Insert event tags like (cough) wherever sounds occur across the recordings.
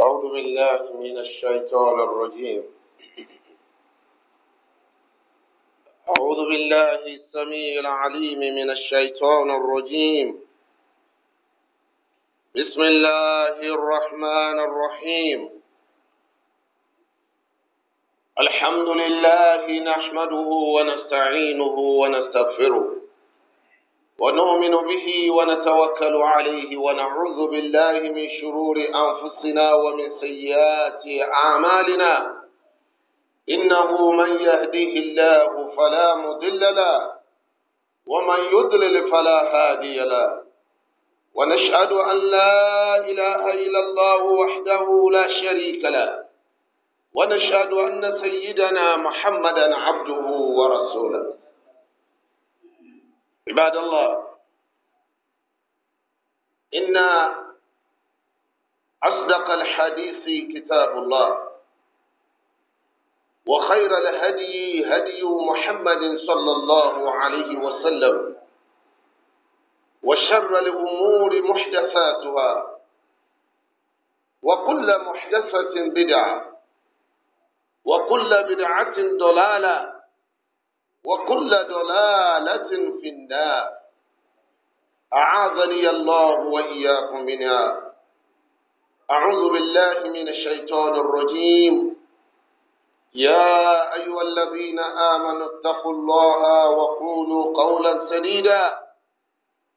أعوذ بالله من الشيطان الرجيم أعوذ بالله السميع العليم من الشيطان الرجيم بسم الله الرحمن الرحيم الحمد لله نحمده ونستعينه ونستغفره ونؤمن به ونتوكل عليه ونعوذ بالله من شرور أنفسنا ومن سيئات أعمالنا إنه من يهديه الله فلا مضل له ومن يضلل فلا هادي له ونشهد أن لا إله إلا الله وحده لا شريك له ونشهد أن سيدنا محمدا عبده ورسوله عباد الله إن أصدق الحديث كتاب الله وخير الهدي هدي محمد صلى الله عليه وسلم وشر الأمور محدثاتها وكل محدثة بدعة وكل بدعة ضلالة وكل ضلالة في النار أعاذني الله وإياكم منها أعوذ بالله من الشيطان الرجيم يا أيها الذين آمنوا اتقوا الله وقولوا قولا سديدا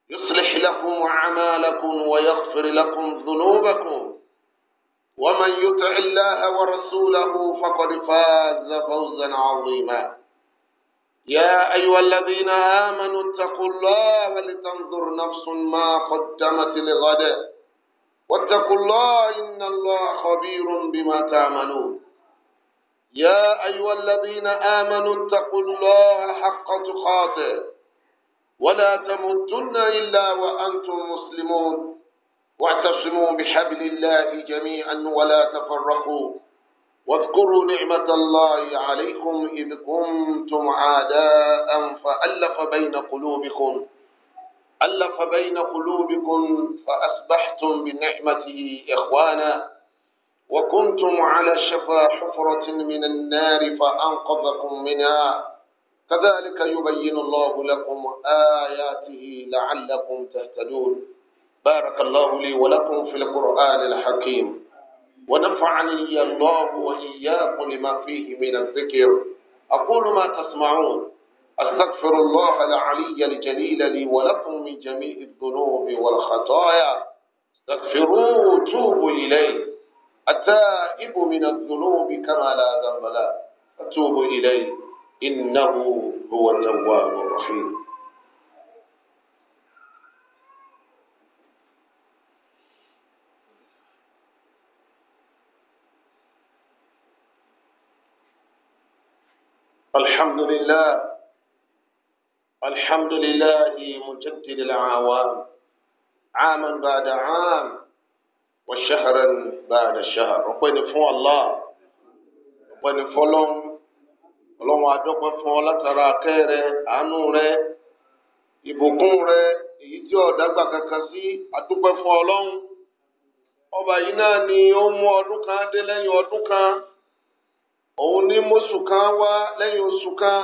يصلح لكم أعمالكم ويغفر لكم ذنوبكم ومن يطع الله ورسوله فقد فاز فوزا عظيما يا أيها الذين آمنوا اتقوا الله لتنظر نفس ما قدمت لغد واتقوا الله إن الله خبير بما تعملون يا أيها الذين آمنوا اتقوا الله حق تقاته ولا تموتن إلا وأنتم مسلمون واعتصموا بحبل الله جميعا ولا تفرقوا واذكروا نعمة الله عليكم إذ كنتم عاداء فألف بين قلوبكم ألف بين قلوبكم فأصبحتم بنعمته إخوانا وكنتم على شفا حفرة من النار فأنقذكم منها كذلك يبين الله لكم آياته لعلكم تهتدون بارك الله لي ولكم في القرآن الحكيم ونفعني الله وإياك لما فيه من الذكر أقول ما تسمعون أستغفر الله العلي الجليل لي ولكم من جميع الذنوب والخطايا استغفروه وتوبوا إليه التائب من الذنوب كما لا ذنب له فتوبوا إليه إنه هو التواب الرحيم الحمد لله الحمد لله مجدد العوام عاما بعد عام وشهرا بعد شهر ọpẹ́ ni fún Allah Ọlọ́run fún ọ látara rẹ àánú rẹ ìbùkún rẹ tí kankan sí adúpẹ́ fún Ọlọ́run ọba yìí ni ó mú ọdún kan dé lẹ́yìn òun ní mọ́sù kan wá lẹ́yìn oṣù kan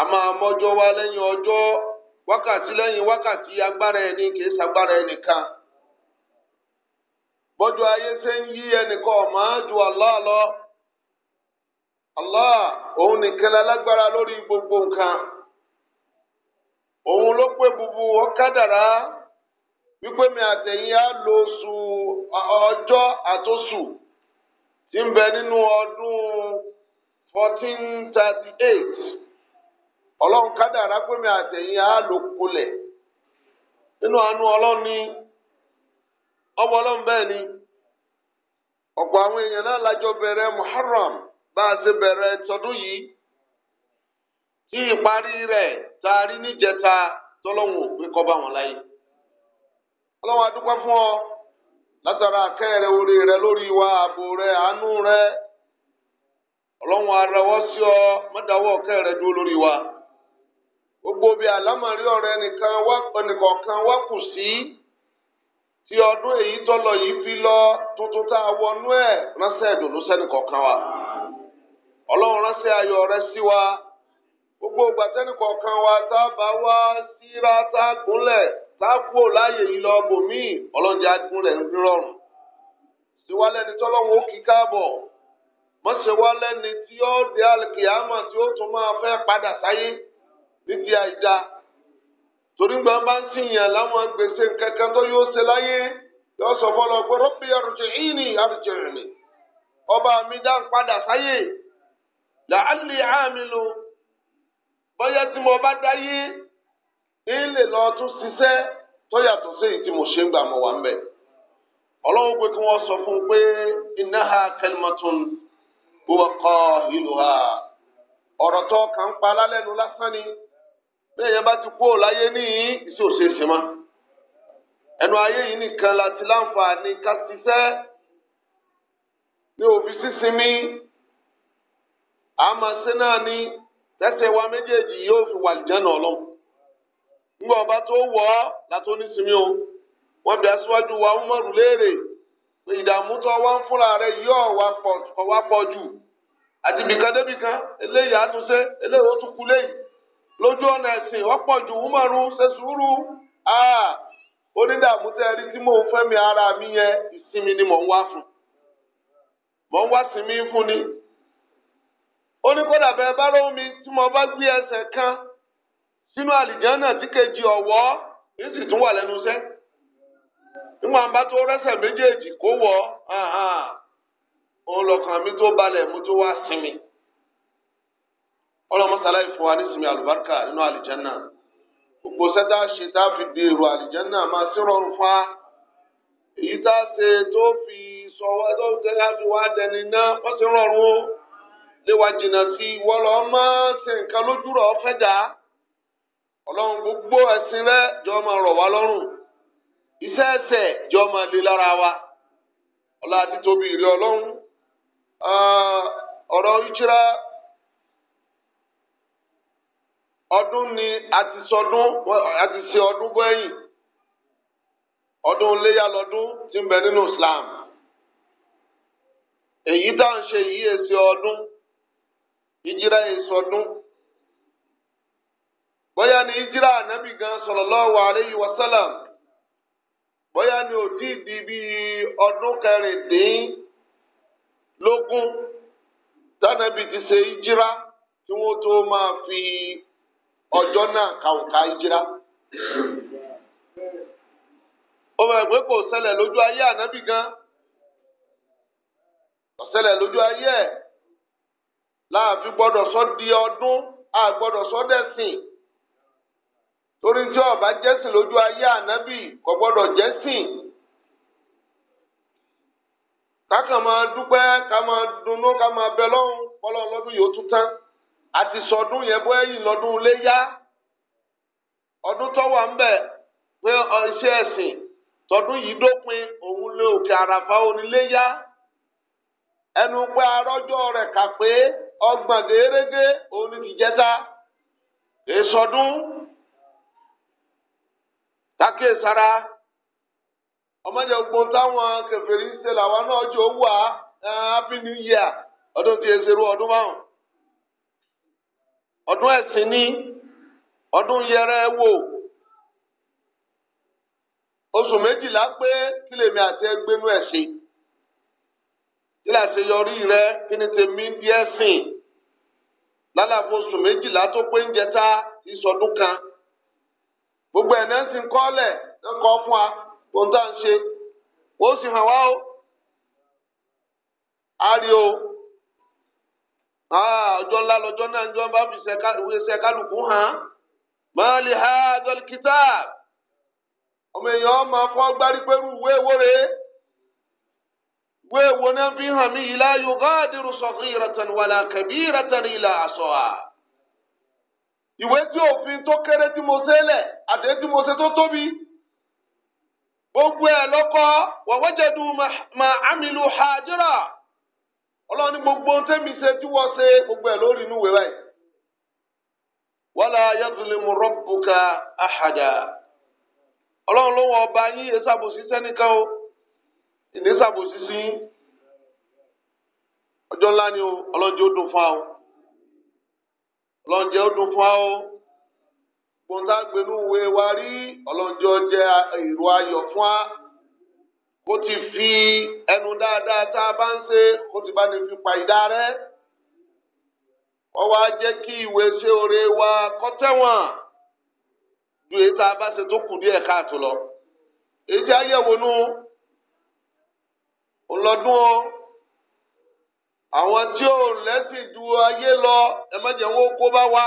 a máa mọ́jọ́ wá lẹ́yìn ọjọ́ wákàtí lẹ́yìn wákàtí agbára ẹni kìí sagbára ẹnìkan bọ́jọ́ ayé ṣe ń yí ẹnìkan ọ̀mọ́ ju Allah lọ Allah òun nìkan lálágbára lórí gbogbo nǹkan òun ló pé bubu ọ̀kadàrà wípé mi àtẹ̀yìn á lo oṣù ọjọ́ àtọ́sù. tí ń bẹ nínú ọdún fourteen thirty eight ọlọ́run kádàrá gbẹ̀mí àtẹ̀yìn á lò kulẹ̀ nínú àánú ọlọ́run ní ọwọ́ ọlọ́run bẹ́ẹ̀ ni ọ̀pọ̀ àwọn èèyàn náà lájọ bẹ̀rẹ̀ Muharram bá a ṣe bẹ̀rẹ̀ tọdún yìí tí rẹ̀ taari níjẹta tọ́lọ́hún kọ́ bá wọn láyé ọlọ́run adúpẹ́ látara àkẹ́ orí rẹ lórí wa ààbò rẹ àánú rẹ ọlọ́run arawọ́ sí ọ mọ́dáwọ́ ọ̀kẹ́ dúró wa gbogbo bí àlámàrí ọ̀rẹ́ nìkan wá ẹnìkọ̀ọ̀kan wá kù sí ti ọdún èyí tọ́lọ yìí fi lọ tuntun tá a wọnú ẹ̀ ránṣẹ́ ìdùnnú sẹ́nìkọ̀ọ̀kan wa ọlọ́run ránṣẹ́ ayọ̀ rẹ sí wa gbogbo ìgbà wa tá a bá wá síra tá a sáàkúò láàyè yìí lọ bòmíì ọlọ́njẹ́ adún rẹ̀ ń rọrùn ni tọ́lọ́wọ́ kí káàbọ̀ mọ́sẹ̀wálẹ́ni tí ó dé àlùkìyámà tí ó tún máa fẹ́ padà sáyé níbi àìda torí gbà bá ń sìyàn láwọn gbèsè kankan tó yóò ṣe láyé yóò sọ fọlọ pé rọ́bì ọba mi dá ń padà sáyé tí mo ilé lọ tún ṣiṣẹ́ tó yàtọ̀ sí èyí tí mo ṣe ń gbà mọ̀ wá ń bẹ̀. ọlọ́run pé kí wọ́n sọ fún un pé innaha kalimatun huwa qahiluha ọ̀rọ̀ tó ń pa lásán ni bẹ́ẹ̀ yẹn bá ti kú òláyé ìṣe òṣèṣe mọ́ ẹnu ayé yìí nìkan láti láǹfààní ká ṣiṣẹ́ ní òbí àmọ́ náà ni wa méjèèjì yóò fi wà ọlọ́run. ńgbà ọba tó wọ̀ ọ́ látó nísìmí o wọn bí aṣíwájú wa Umaru léèrè pé ìdààmú tó wá fúnra rẹ yọ ọ̀wá pọ̀ jù àti bìkan débìkan eléyìí àtúnṣe eléyìí ó tún kú léyìí lójú ọ̀nà ẹ̀sìn ọ̀pọ̀ jù ṣe sùúrù tí mò ń ara mi yẹn ìsinmi ni mò ń wá fún mò sínú àlìjánà tí kejì ọ̀wọ́ ní sì tún wà lẹ́nu iṣẹ́ nígbà bá tó rẹ́sẹ̀ méjèèjì kó wọ̀ lọ́kàn mi tó balẹ̀ mo tó wá sinmi ọlọ́mọsálá ìfún wa ní sinmi àlùbáríkà nínú àlìjánà gbogbo sẹ́tà ṣe tá a fi èrò àlìjánà máa sí rọrùn èyí fi sọ wá tó ọlọ́run gbogbo ẹ̀sìn rẹ jọ máa rọ̀ wá lọ́rùn iṣẹ́ ẹ̀ṣẹ̀ jọ máa le lára wa ọlá títóbi ìrẹ ọlọ́run ọ̀rọ̀ ìjírá ọdún ni àti sọdún àti ṣe ọdún gbẹ̀yìn ọdún léyà lọ́dún tí ń bẹ nínú Islam èyí tá à ń ṣe yìí èsì ọdún ìjírá èsì ọdún bóyá ní ìjírà ànábì gan sallallahu alayhi wa sallam bóyá ní òdì ìdí bíi ọdún kẹrìndínlógún tánàbì ti ṣe ìjírà tí wọ́n tó máa fi ọjọ́ náà kàwùká ìjírà. ọmọ ẹgbẹ́ kò ṣẹlẹ̀ lójú ayé ànábì gan kò ṣẹlẹ̀ lójú ayé ẹ̀ láàfin gbọ́dọ̀ sọ di ọdún àgbọ́dọ̀ sọ dẹ̀sìn. torí tí ọba jẹ́sìn lójú ayé ànábì kò gbọ́dọ̀ jẹ́sìn kákan máa dúpẹ ká máa dunnú ká máa bẹ lọ́hùn lọ́dún yìí ó tún tán àti sọdún yẹn bọ́ lọ́dún léyá ọdún tọ́wọ́ ń bẹ̀ pé iṣẹ́ ẹ̀sìn tọdún yìí dópin òun lé òkè àràfà ẹnu pé kà pé kákèsára ọmọdé gbọ́n táwọn kèfèrí ń ṣe làwọn náà jọ wà happy new year ọdún tí ezeru ọdún márùn ọdún ní ọdún yẹrẹ wò oṣù méjìlá pé kí lèmi àti ẹgbẹ́nu ẹ̀sìn kí lè àṣeyọrí rẹ kí ni lálàfo oṣù méjìlá tó pé ń jẹta ìsọdún kan. gbogbo ẹ̀ náà sì ń kọ́lẹ̀ lọ́kọ̀ fún wa ohun tá à ń ṣe ó sì hàn wá o a rí o ọjọ́ ńlá lọ́jọ́ náà jọ bá fi ṣe kálukú hàn máa lè ha dọ́líkítà ọmọ èèyàn máa fọ́ gbárí pẹ̀lú ìwé èwo rèé ìwé èwo náà fi hàn mí yìí la yughadiru saghiratan wala kabiratan ila asaha. ìwé tí òfin tó kéré tí mo ṣe lẹ̀ àti tí mo ṣe tó tóbi gbogbo ẹ̀ lọ́kọ́ wàwọ́jẹ̀dù mà ámìlú hajira ọlọ́run gbogbo tẹ́mi ṣe tí ṣe gbogbo ẹ̀ lórí inú wala yazlimu rabbuka ahada ọlọ́run ló ọba yín o sí ńlá ni o ọlọ́njẹ́ ó dùn fún ọ gbọ̀ntà gbẹ̀lú ìwé wa rí ọlọ́njẹ́ ó jẹ́ ìró ayọ̀ fún wa kó ti fi ẹnu dáadáa tá a bá ń ṣe kó ti bá ní fi pa ìdá rẹ ọwọ́ á jẹ́ kí ìwé ṣe oore wa kó ju èyí tá a bá ṣe tó kù díẹ̀ káàtó lọ èyí tí a yẹ̀wò nù ọlọ́dún o àwọn tí ò lẹ́sìn ju ayé lọ ẹ má jẹ́ wọn kó bá wa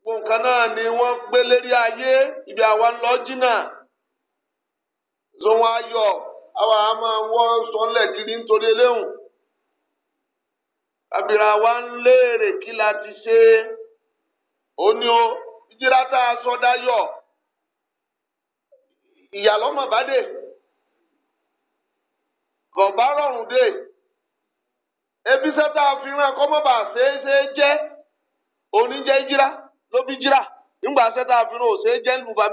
gbogbo nǹkan náà ni wọ́n gbé lérí ayé ibi àwa ń lọ jìnnà zòwọn ayọ̀ àwa á máa wọ́ sọ́nlẹ̀ kiri nítorí eléhùn àbírà wa ń léèrè kí la ti ṣe ó ní o ìjírá tá a sọ dayọ̀ ìyàlọ́mọ̀ bá dé rọrùn dé. ebi sẹ́tà àfihàn kọ́mọ́bà ṣeéṣe jẹ́ oníjẹ́ jíra ló bí jíra nígbà àfihàn òṣè jẹ́ lù bá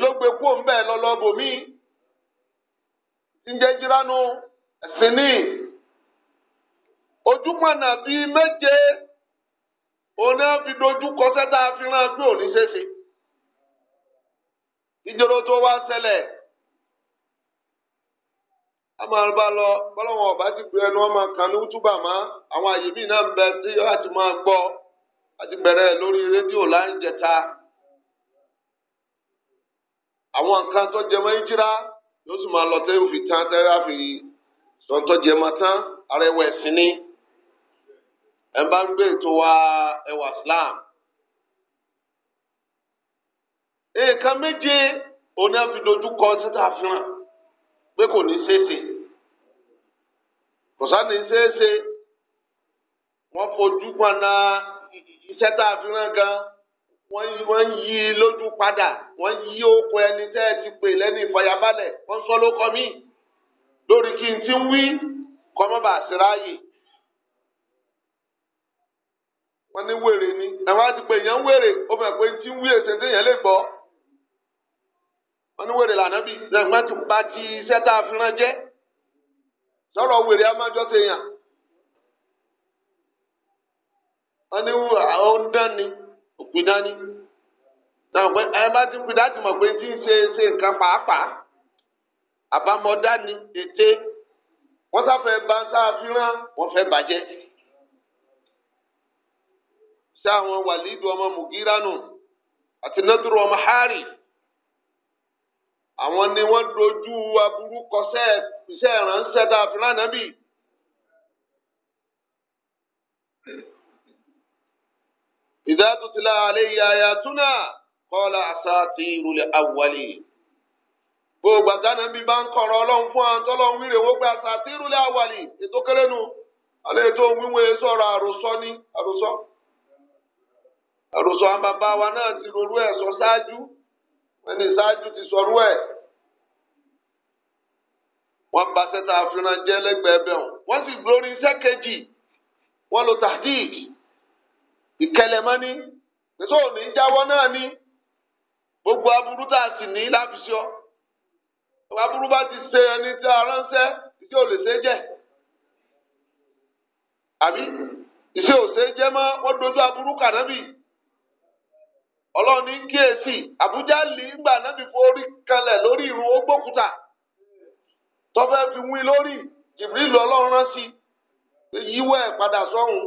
ló gbé kó ń bẹ́ẹ̀ lọ́lọ́bò mí níjẹ́ jíra nu ẹ̀sìn méje fi dojú kọ àfihàn pé ìjọba máa bá lọ bọ́lọ́wọ́n ọba ti gbé ẹnu ọma kan ní ma àwọn àyè míì náà ń ti tí ti ma máa gbọ́ àti bẹ̀rẹ̀ lórí rédíò láńjẹta àwọn nǹkan tó jẹmọ́ ìjírá yóò ma máa lọ tẹ́ òfin tán tẹ́ àfi tán ara ń gbé wa kọ pé kò ní ṣeéṣe kò sáà ní ṣeéṣe wọ́n fojú paná iṣẹ́ tá a fi rán gan wọ́n ń yí i lójú padà wọ́n yí oko ẹni tẹ́ ẹ ti pè lẹ́nu ìfọyàbalẹ̀ wọ́n sọ ló kọ́ mí lórí kí n ti ń wí kọ́mọ́bà síráàyè. wọ́n ní wèrè ni àwọn àti pé èèyàn ń wèrè ó fẹ́ pé n ti ń wí èsè téèyàn lè gbọ́ wọn ní wèrè lànàbí nàgbà tó bá ti iṣẹ́ tá a fi rán jẹ́ sọ̀rọ̀ wèrè amájọ́ ṣe yàn wọn ní àwọn ń dán ni òpin dání nàgbà ẹ bá ti pin láti mọ̀ pé tí ń ṣe ṣe nǹkan pàápàá àbámọ̀dá ète wọ́n sáfẹ́ bá sáfìrán wọ́n fẹ́ bàjẹ́ sáwọn wàlídùú ọmọ mùgíránù àti nàdúró ọmọ hárì. àwọn ni wọ́n dojú aburú kọsẹ́ iṣẹ́ ìránṣẹ́ tá a fi ránàbì. idha tutla kọ́lá ayatuna qala asatirul awwalin. gbogbo àtànàbí bá ń kọ̀rọ̀ ọlọ́run fún àwọn tọ́lọ́run wíre wó pé asatirul awwalin ètò kéré nu alẹ́ ètò wíwọ́n sọ̀rọ̀ àròsọ ní àròsọ. àròsọ wa ẹni ìṣáájú ti sọrú ẹ wọn bá sẹta àfihàn jẹ lẹ́gbẹ̀ẹ́ bẹ wọn wọn sì lórí iṣẹ́ kejì wọn lo tahdik ìkẹlẹmọni pèsè òní jáwọ́ náà ni gbogbo aburú tá a sì ní láfi ṣọ aburú bá ti ṣe ẹni tí a ránṣẹ́ ìṣe ò lè ṣe jẹ àbí ìṣe ò ṣe jẹ mọ́ wọn dojú aburú kànábì. ọlọ́run ní kíyèsí àbújá lì í gbà náà fífi orí kanlẹ̀ lórí ìrun ogbókúta tọ́fẹ́ fi wí lórí jìbìrìlù ọlọ́run padà sọ́hun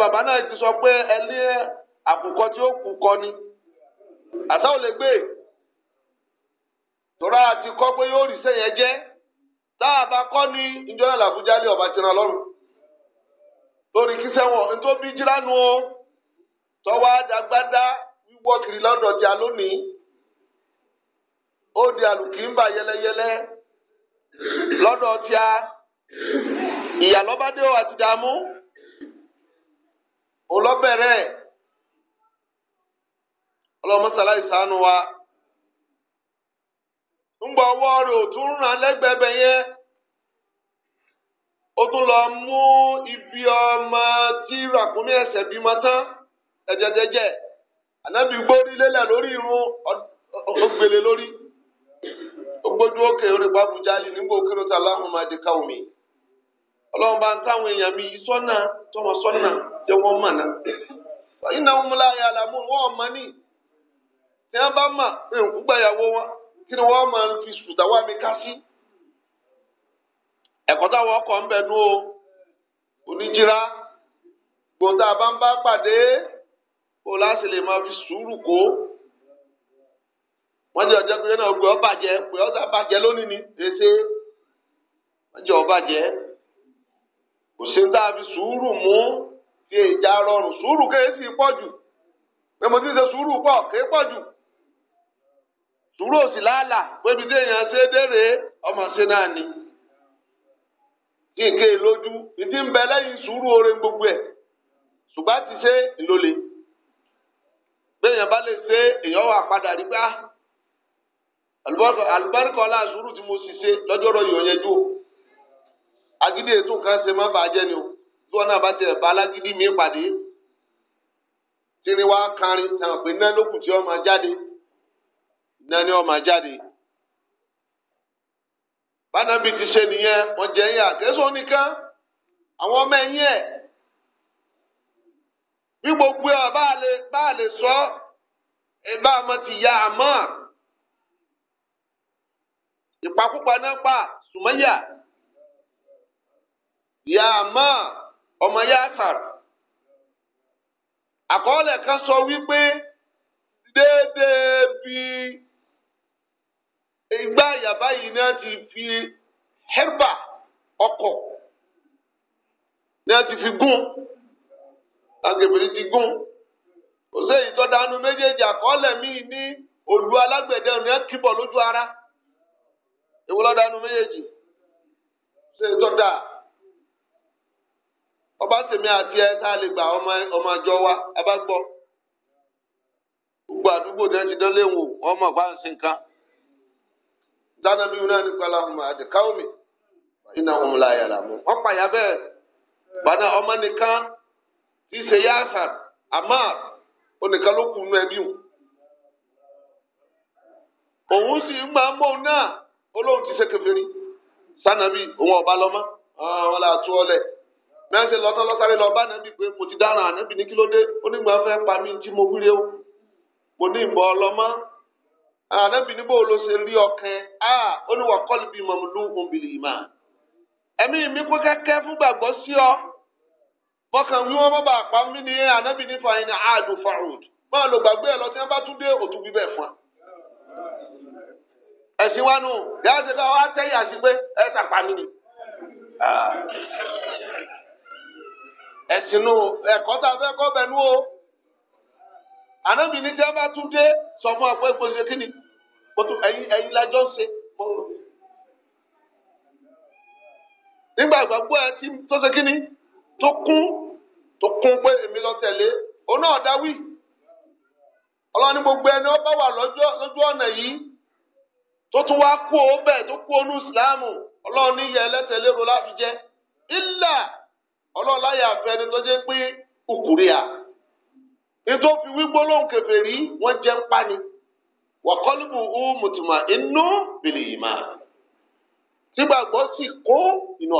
bàbá náà ti sọ pé ẹ ní tí ó kù kọ ni àtàwọn lè gbé tòrá ti kọ́ pé yóò rí ni làbújá lé ọba lọ́rùn lórí kí sẹ́wọ̀n tọwa adagbada wíwọ́ kiri lọ́dọ̀ tí a lónìí ó di àlùkìmbà yẹlẹyẹlẹ lọ́dọ̀ tí a ìyàlọ́bádé àti dààmú olọ́bẹ̀rẹ̀ ọlọ́mọsálá wa ńgbà ọwọ́ rẹ̀ ò tún ràn lẹ́gbẹ̀ẹ́ o yẹn ó tún lọ mú ibi ọmọ tí ràkúnmí bímọ tán. jẹjẹjẹjẹ ànábì gbórí lélẹ̀ lórí irun ògbèlè lórí ogbójú òkè orí babujali nígbà òkèrè tó aláhùn máa di omi ọlọ́run bá ń táwọn èèyàn mi yìí sọ́nà tọmọ sọ́nà jẹ́ wọ́n mọ̀ náà wọ́n náà múlá ayé àlàmú wọ́n mọ̀ ní tí wọ́n bá mọ̀ nǹkú gbàyàwó wọn kí ni máa mi ká sí táwọn ń ó láti lè máa fi sùúrù kó wọ́n jẹ́ ọjọ́ pé náà pé ọ bàjẹ́ pé ọ lónìí ni èsè wọ́n ọ bàjẹ́ kò sí tá fi sùúrù mú kí ìjà rọrùn sùúrù kéésì pọ̀ pé mo ti ṣe sùúrù pọ̀ kéé jù sùúrù òsì pébi tí èèyàn ṣe dére ọmọ ṣe náà ni kí n lójú ìdí ń bẹ lẹ́yìn gbogbo ẹ̀ ṣùgbọ́n ti bẹ́ẹ̀yàn bá lè ṣe èèyàn wà padà rí pé ah, àlùbáríkọ aláàzúrù tí mo sì ṣe lọ́jọ́rọ̀ yìí ọ̀yẹ́jú o agídí ètò kan ṣe má bàjẹ́ ni o tí wọn náà bá tiẹ̀ bá alágídí mi pàdé tíri wá kárin tàn pé náà lókùn tí ó máa jáde náà ni ó máa jáde bánábì ti ṣe nìyẹn wọn jẹ yín àkẹsọ nìkan àwọn ọmọ ẹ̀yìn ẹ̀ bí gbogbo ẹ bá lè bá lè sọ ẹ bá ọmọ ti ya àmọ́ ìpakúpa náà pa sùmọ́yà ya àmọ́ ọmọ ya sàrà àkọọ́lẹ̀ kan sọ wípé déédéé bí ìgbà yàbá yìí náà ti fi hẹ́rbà ọkọ̀ náà ti fi gún. agbèbèrè ti gún kò sí èyí tó dánú méjèèjì àkọọ́lẹ̀ míì ní òlù alágbẹ̀dẹ kíbọ̀ lójú ara èwo ló dánú méjèèjì ṣe tó dà ọba tèmi àti ẹ tá a lè gba ọmọ àjọ wa ẹ bá gbọ́ gbogbo àdúgbò náà ti dán léwu ọmọ bá ń sin kan dáná bí ní àdìkáwọmì iná wọn pààyà ọmọ nìkan. ìṣe yasan amar onìkan ló kù nù ẹbí o òun si ń máa naa, náà olóhùn ti ṣe sanabi òun ọba lọmọ àwọn làtú ọlẹ mẹsẹ lọtọ lọsàrẹ lọ bá nàbí pé mo ti dáràn ànábì ní kí ló dé onígbà fẹ́ pa mí tí mo wíre o mo ní ìbọn ọlọmọ ah, ànábì níbo ló ṣe rí ọkàn á oníwà kọlù bíi mọmúlú òǹbìlì mi kó kẹkẹ fún gbàgbọ́ sí ọ. mọkàn mú ọmọ bá pa mí ní ànábì ní fa iná àádùn fàrùd máa lò gbàgbé ẹ lọ tí wọn bá tún dé òtún bíbẹ fún ẹ. ẹ̀sìn wa nù yàrá ṣe ká wá tẹ́yìn àti pé ẹ sàpá mi ni. Ah. ẹ̀sìn nù ẹ̀kọ́ tá a fẹ́ kọ́ bẹ̀ nú o ànábì ní tí wọn bá tún dé sọ fún ọ̀pọ̀ èpo ṣe kí ni ẹ̀yin lájọ́ ń ṣe nígbà ìgbàgbọ́ ẹ tó ṣe kí ni. tó kún tó kún pé èmi lọ tẹ̀lé òun náà dáwì ọlọ́run gbogbo ẹni ó wà lójú ọ̀nà yìí tó tún wá kú ó tó kú onú ìsìláàmù ọlọ́run ní yẹ ẹlẹ́tẹ̀lérò láfi jẹ́ tó jẹ́ pé nítorí fi wọ́n jẹ́ ń pani mùtùmá inú tí gbàgbọ́ sì inú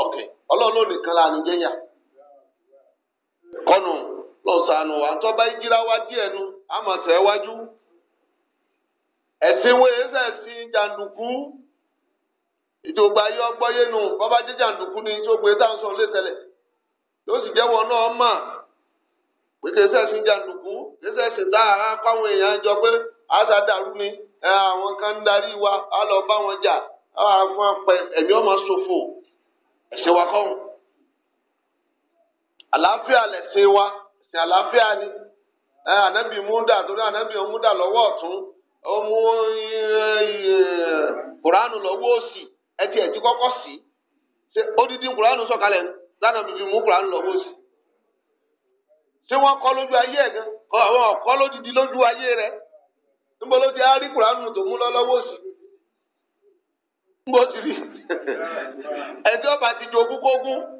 kọ́nù lọ́sànù wa tọ́ba ìjìlá wa díẹ̀ nu àmọ̀tẹ́ wájú ẹ̀sìn wo èyí sẹ̀ sí jàǹdùkú ìjọba ayé ọgbọ́yé nu bọ́bá jẹ́ jàǹdùkú ni ìjọba èyí táwọn sọ̀rọ̀ lè tẹ̀lẹ̀ yóò sì jẹ́wọ́ náà mà pé kìí sẹ̀ sí jàǹdùkú kìí sẹ̀ sí tá a kọ́wọn èèyàn jọ pé àṣà dàrú ni àwọn kan ń darí wa á lọ bá wọn jà á fún apẹ ẹ̀mí ọmọ ṣòfò ẹ̀ṣẹ̀ wa kọ́hún. àlàáfíà lẹ̀sìn wa ẹ̀sìn àlàáfíà ni ànábì múdà torí ànábì múdà lọ́wọ́ ọ̀tún ó mú kùránù lọ́wọ́ òsì ẹtì ẹtì kọ́kọ́ sí ṣe odidi kùránù sọ̀kalẹ̀ lánàá mú kùránù lọ́wọ́ òsì ṣé wọ́n kọ́ lójú ayé ẹ̀ gan àwọn ọ̀kọ́ lójú ayé níbo ló ti (laughs)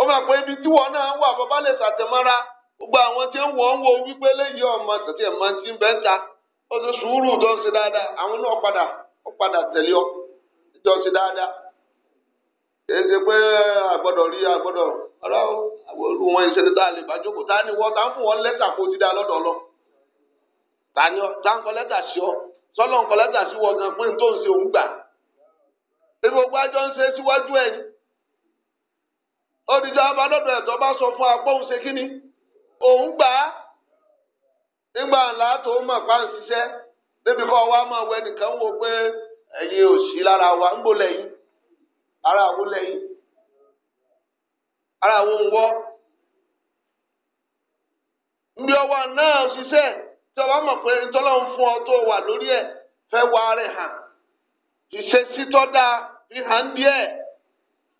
ó máa ibi tí wọn náà wà bàbá lè gbogbo àwọn tí ń ń wo wípé ọmọ tí ń ń ta ó ti sùúrù tó ń ṣe dáadáa àwọn náà padà ó padà ọ tó ń ṣe dáadáa èyí ṣe pé àgbọ̀dọ̀ rí àgbọ̀dọ̀ ọ̀rá o àwòrán wọn ìṣẹ̀lẹ̀ tá lè bá jókòó ní ń fún wọn kó ti dá ọ n tó ń ṣe òun gbà ń ṣe síwájú odidi abadọdọ ẹtọ bá sọ fún apọhùn ṣe kínní òun gbà á nígbà ńlá tó mọ pa ń ṣiṣẹ́ débi kọ wa máa wẹ nìkan wo pé ẹ̀yin ò sí lára wa ń bò ara àwọn ara àwọn òun wọ nbí ọwọ náà tí ọba mọ pé fún ọ tó wà lórí ẹ fẹ́ wá rẹ̀ hàn ṣiṣẹ́ sítọ́ dáa fi hàn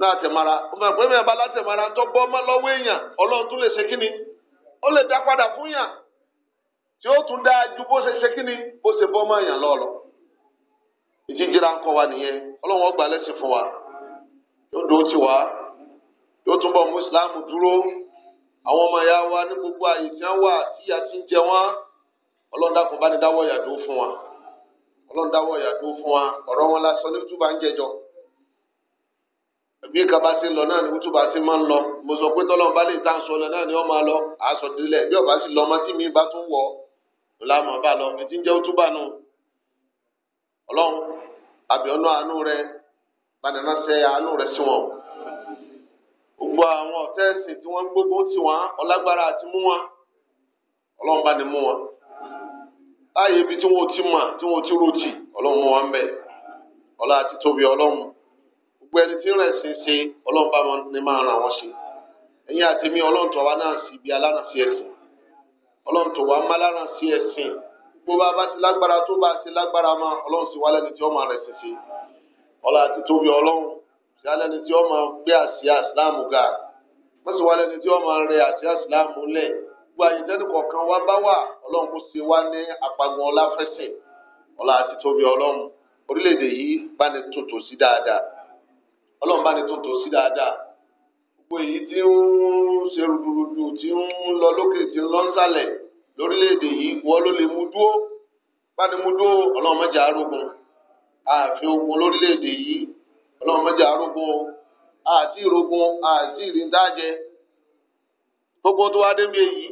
látẹ̀mára ọmọkùnrin mi àbá látẹ̀mára tó bọ́ ọmọ lọ́wọ́ èèyàn ọlọ́run tún lè ṣe kí ni ó lè dá padà fún yàn tí ó tún dáa ju bó ṣe ṣe kí ni bó ṣe bọ́ ọmọ èèyàn lọ́ọ̀lọ́ ìjíjìra ń kọ́ wa nìyẹn ọlọ́run ọgbà lẹ́sìn fún wa yóò dúró tì wá yóò islam dúró àwọn ọmọ wa ní gbogbo àyè a ti ń jẹ wọ́n ọlọ́run bá ní dáwọ́ bí kaba ti lọ náà ni wútú bá ti máa ń lọ mo sọ pé tọ́lọ́mù bá lè tá à ń sọ lọ náà ni wọ́n máa lọ àásọ délẹ̀ bí ọba sì lọ ọmọ tí mi bá tún wọ̀ ọ́ lámọ̀ bá lọ ètí ń jẹ́ wútú bá nù ọlọ́run àbíọ́nù àánú rẹ gbadáná sẹ àánú rẹ sí wọn. gbogbo àwọn ọ̀tẹ́ ẹ̀sìn tí wọ́n ń gbógun tì wọ́n ọlágbára àti mú wọn ọlọ́run bá ní mú wọn. láàyè ibi tí wọn ti mọ̀ tí wọn ti rò gbogbo ẹni tí ń rẹ̀ sí ṣe ọlọ́run bá wọn ní máa ràn wọ́n ṣe ẹ̀yin àti mi ọlọ́run tó wa náà sí ibi aláràn sí ẹ̀sìn ọlọ́run tó wa má láràn sí ẹ̀sìn gbogbo bá ti lágbára tó bá ti lágbára máa ọlọ́run sì wá lẹ́ni tí ó máa rẹ̀ sí ṣe ọlá àti tóbi ọlọ́run sì wá lẹ́ni tí ó gbé àsíá ìsìláàmù ga wọ́n sì wá lẹ́ni tí ó rẹ̀ àsíá ìsìláàmù lẹ̀ gbogbo àyè tẹ́nìkọ̀ọ̀kan wá bá wà ọlọ́run kò ṣe wá ní apagun ọlá fẹ́sìn ọlá àti tóbi ọlọ́run orílẹ̀-èdè yìí bá ní tòótọ́ sí dáadáa ọlọ́run bá ní tó tó sí dáadáa gbogbo èyí tí ń ṣe rúdurùdu tí ń lọ lókè tí ń lọ nsàlẹ̀ lórílẹ̀‐èdè yìí wọ́n ló lè mú dúó bá ní mú dúó ọlọ́run mọ́jà arógun ààfin ogun lórílẹ̀‐èdè yìí ọlọ́run mọ́jà arógun o àti ìrogun àti ìrìndájẹ gbogbo tó wá débi èyí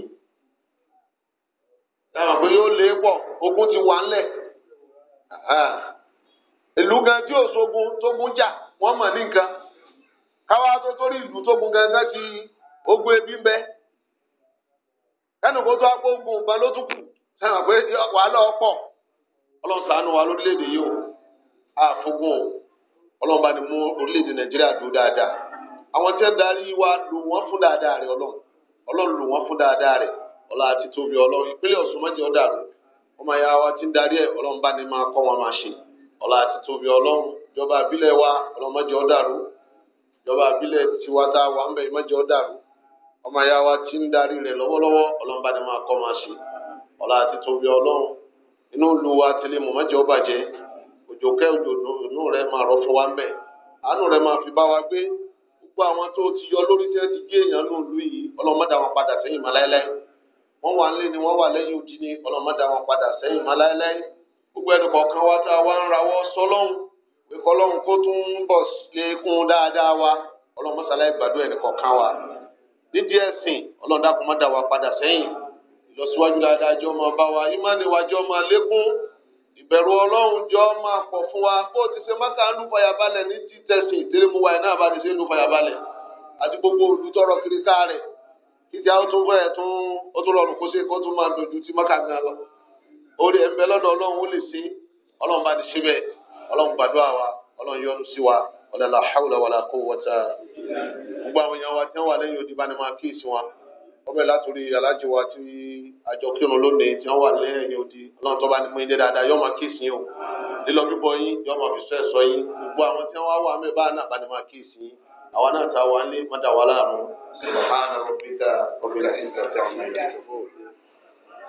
ẹ̀rọ pé yóò lé pọ̀ ogun ti wà ńlẹ̀ ìlú gan tí ò sógun tó mú jà. wọn mọ ní nǹkan káwá tó torí ìlú tó gun gangan ti ogun ebi ń bẹ ẹnu kó tó apó ogun ìbọn ló tún kù sẹ́wọ̀n pé wàhálà ọpọ ọlọ́run ṣàánú wa lórílẹ̀‐èdè yìí o àfogún bá ní mú orílẹ̀‐èdè nàìjíríà dúró dáadáa àwọn tí darí wa fún dáadáa fún dáadáa àti tóbi ìjọba àbílẹ̀ wa ọlọ́mọdé ọ̀dàrú ìjọba àbílẹ̀ tiwa tá wà ń bẹ̀ ìmọ̀jẹ̀ ọ̀dàrú ọmọ ìyá wa ti ń darí rẹ̀ lọ́wọ́lọ́wọ́ ọlọ́mọba ni máa kọ́ máa ṣe ọ̀la àti tóbi ọlọ́run inú lu wa tẹ̀lé mọ̀mọ́jẹ̀ ọba jẹ òjò kẹ́ òjò inú rẹ̀ rọ fún wa ń bẹ̀ àánú fi bá wa gbé gbogbo àwọn tó ti yọ lórí tẹ́ ti gé èèyàn ní ìlú yìí ọlọ́mọdé àwọn padà sẹ́yìn ni wọ́n wà lẹ́yìn ni pé kọ́lọ́hún kó tún bọ̀ lékún dáadáa wa ọlọ́run mọ́sálá ìgbàdúrà ẹni kọ̀ọ̀kan wa nídìí ẹ̀sìn ọlọ́run dákun má dá wa padà sẹ́yìn ìlọsíwájú dáadáa jọ máa bá wa ìmánì wa jọ máa lékún ìbẹ̀rù ọlọ́run jọ máa pọ̀ fún wa bó ti ṣe máka ń lu fàyàbalẹ̀ ní ti tẹ̀sìn ìdílé mu wa ẹ̀ náà bá ti ṣe fàyàbalẹ̀ àti gbogbo olùtọ́rọ̀ kiri káà rẹ̀ ìjà ó tún tún ó tún ọlọ́run gbàdúrà wa ọlọ́run yọ́nú sí wa ọlọ́run la hawla wala quwwata gbogbo àwọn èèyàn wa tí wọ́n wà lẹ́yìn odi bá ní máa kíyèsí wọn wọ́n bẹ̀rẹ̀ látòrí alájì wa tí àjọ kírun lónìí tí wọ́n wà lẹ́yìn odi ọlọ́run tó bá ní mú ilé dáadáa yọ́ máa kíyèsí yín o lílọ bíbọ yín yọ́ máa fi sọ ẹ̀sọ́ yín gbogbo àwọn tí wọ́n wà mẹ́bàá náà bá máa kíyèsí yín àwọn náà ta wà ní mọ́dà wà láàmú subhana rabbika rabbil